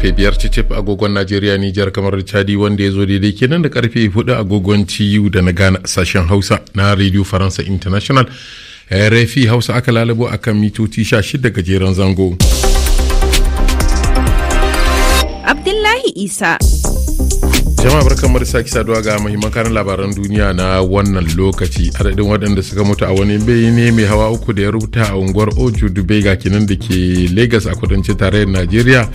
karfe biyar cicif agogon najeriya nijar kamar chadi wanda ya zo daidai kenan da karfe hudu agogon ciyu da na gana sashen hausa na radio faransa international eh, rfi hausa aka lalabo kan mitoci 16 gajeren zango abdullahi isa jama'a barkan da kisa saduwa ga muhimman karin labaran duniya na wannan lokaci adadin waɗanda suka mutu a wani bai ne mai hawa uku da ya rubuta a unguwar oju dubai ga kinan da ke lagos a kudancin tarayyar najeriya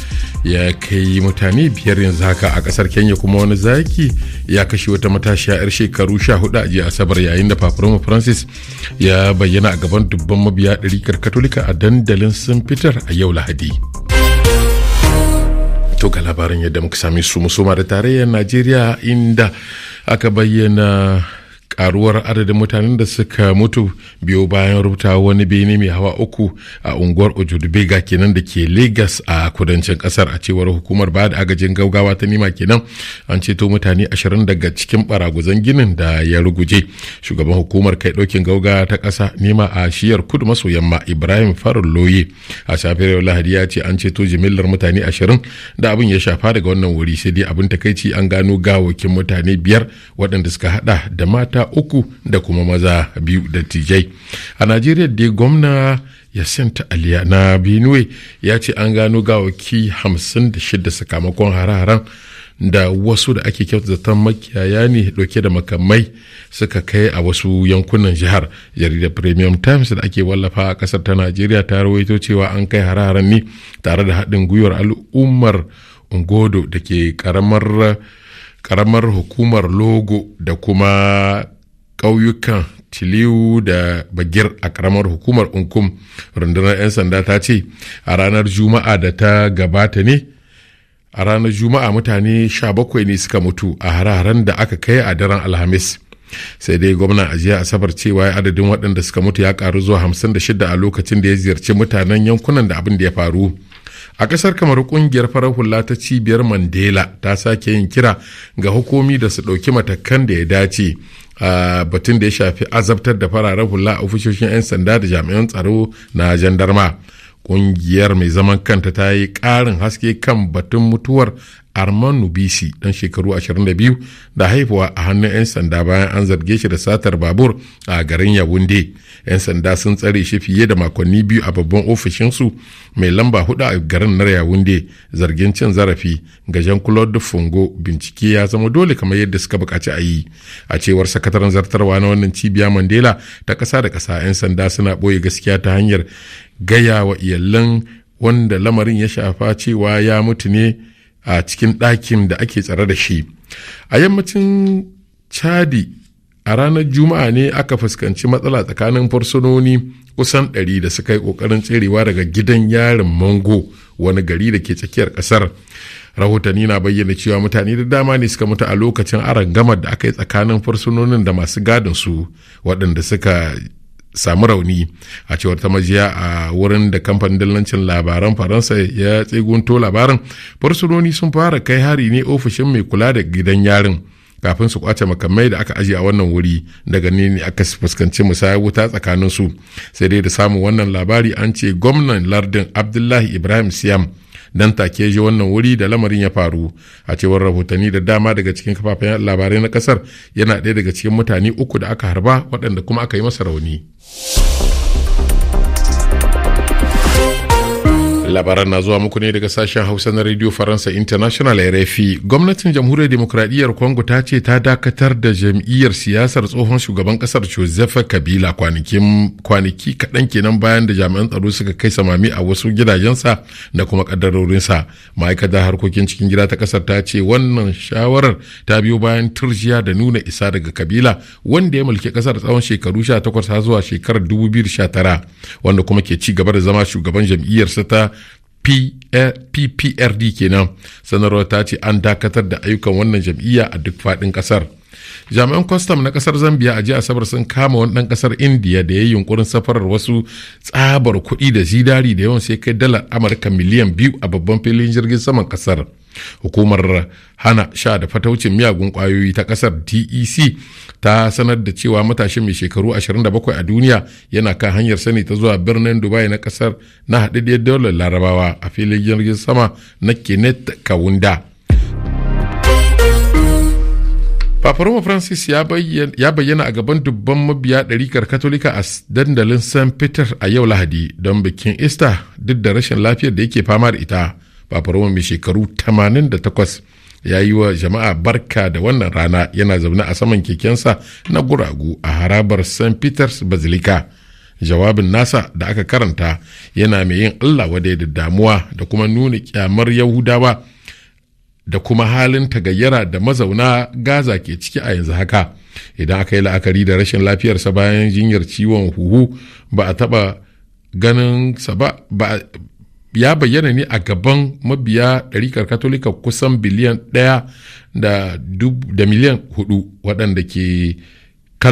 ya kai mutane biyar yanzu haka a kasar kenya kuma wani zaki ya kashe wata matashiya yar shekaru sha hudu a jiya asabar yayin da paparoma francis ya bayyana a gaban dubban mabiya ɗari katolika a dandalin sun fitar a yau lahadi. to ga labarin yadda muka same su musoma da tarayyar najeriya inda aka bayyana karuwar adadin mutanen da suka mutu biyo bayan rubuta wani bene mai hawa uku a unguwar ojudubega kenan da ke lagos a kudancin kasar a cewar hukumar ba da agajin gaugawa ta nima kenan an ceto mutane ashirin daga cikin baraguzan ginin da ya ruguje shugaban hukumar kai daukin gauga ta kasa nima a shiyar kudu maso yamma ibrahim farin loye a safiyar yau lahadi ya ce an ceto jimillar mutane ashirin da abin ya shafa daga wannan wuri sai dai abin takaici an gano gawakin mutane biyar waɗanda suka hada da mata uku da kuma maza biyu da tijai a najeriya dai gwamna yasinta aliya na benue ya ce an gano gawaki hamsin da shida sakamakon hare-haren da wasu da ake kyauta zaton makiyaya ne dauke da makamai suka kai a wasu yankunan jihar jaridar premium times da ake wallafa a kasar ta najeriya ta rawaito cewa an kai hare ne tare da haɗin gwiwar al'ummar ungodo da ke karamar hukumar logo da kuma ƙauyukan tiliyu da bagir a karamar hukumar unkum rundunar 'yan sanda ta ce a ranar juma'a da ta gabata ne a ranar juma'a mutane 17 ne suka mutu a hararen da aka kai a daren alhamis sai dai gwamnan ajiya asabar cewa ya adadin waɗanda suka mutu ya karu zuwa 56 a lokacin da ya ziyarci mutanen yankunan da abin da ya faru a ƙasar kamar ƙungiyar farar hula ta cibiyar mandela ta sake yin kira ga hukumi da su ɗauki matakan da ya dace batun da ya shafi azabtar da fararen hula a ofishoshin 'yan sanda da jami'an tsaro na jandarma. Ƙungiyar mai zaman kanta ta yi ƙarin haske kan batun mutuwar arman nubisi dan shekaru 22 da haifuwa a hannun 'yan sanda bayan an zarge shi da satar babur a garin yawunde 'yan sanda sun tsare shi fiye da makonni biyu a babban ofishinsu mai lamba hudu a garin na yawunde zargin cin zarafi ga jean claude fungo bincike ya zama dole kamar yadda suka bukaci a yi a cewar sakataren zartarwa na wannan cibiya mandela ta ƙasa da ƙasa 'yan sanda suna ɓoye gaskiya ta hanyar gaya wa iyalan wanda lamarin ya shafa cewa ya mutu ne a cikin ɗakin da ake tsare da shi a yammacin chadi a ranar juma'a ne aka fuskanci matsala tsakanin fursunoni kusan 100 da suka yi ƙoƙarin tserewa daga gidan yarin mango wani gari da ke tsakiyar ƙasar rahotanni na bayyana cewa mutane da dama ne suka mutu a lokacin arangamar da aka yi tsakanin fursunonin da masu gadin su waɗanda suka samu rauni a cewar ta majiya a wurin da kamfanin dillancin labaran faransa ya tsegunto labarin fursunoni sun fara kai hari ne ofishin mai kula da gidan yarin kafin su kwace makamai da aka aje a wannan wuri daga ne ne aka fuskanci musayar wuta tsakanin su sai dai da samun wannan labari an ce gwamnan lardin abdullahi ibrahim siyam dan take shi wannan wuri da lamarin ya faru a cewar rahotanni da dama daga cikin kafafen labarai na kasar yana ɗaya daga cikin mutane uku da aka harba waɗanda kuma aka yi masa rauni. labaran na zuwa muku ne daga sashen hausa na radio faransa international rfi gwamnatin jamhuriyar demokradiyyar congo ta ce ta dakatar da jam'iyyar siyasar tsohon shugaban kasar joseph kabila kwanaki kaɗan kenan bayan da jami'an tsaro suka kai samami a wasu gidajensa da kuma ƙaddarorinsa ma'aikatar harkokin cikin gida ta kasar ta ce wannan shawarar ta biyo bayan turjiya da nuna isa daga kabila wanda ya mulki kasar tsawon shekaru 18 zuwa shekarar 2019 wanda kuma ke ci gaba da zama shugaban jam'iyyarsa ta PPRD kenan sanarwar ta ce an dakatar da ayyukan wannan jam'iyya a duk faɗin ƙasar jami'an kwastam na kasar zambia a jiya asabar sun kama wani dan kasar indiya da ya yi yunkurin safarar wasu tsabar kuɗi da zidari da yawan sai kai dalar amurka miliyan biyu a babban filin jirgin saman kasar hukumar hana sha da fataucin miyagun kwayoyi ta kasar tec ta sanar da cewa matashi mai shekaru 27 a duniya yana kan hanyar sani ta zuwa birnin dubai na kasar na haɗaɗɗiyar daular larabawa a filin jirgin sama na kenneth kawunda roma Francis ya bayyana a gaban dubban mabiya ɗarikar Katolika a dandalin St. Peter a yau Lahadi don bikin Easter duk da rashin lafiyar da yake fama da ita. roma mai shekaru 88 ya yi wa jama'a barka da wannan rana yana zaune a saman kekensa na guragu a harabar St. Peter's Basilica. Jawabin nasa da aka karanta yana mai yin Allah wadai da damuwa da kuma nuna kyamar Yahudawa. da kuma halin tagayyara da mazauna gaza ke ciki a yanzu haka idan aka yi la'akari da rashin lafiyarsa bayan jinyar ciwon huhu ba a taɓa sa ba ya bayyana ne a gaban mabiya ɗarikar katolika kusan biliyan ɗaya da miliyan hudu waɗanda ke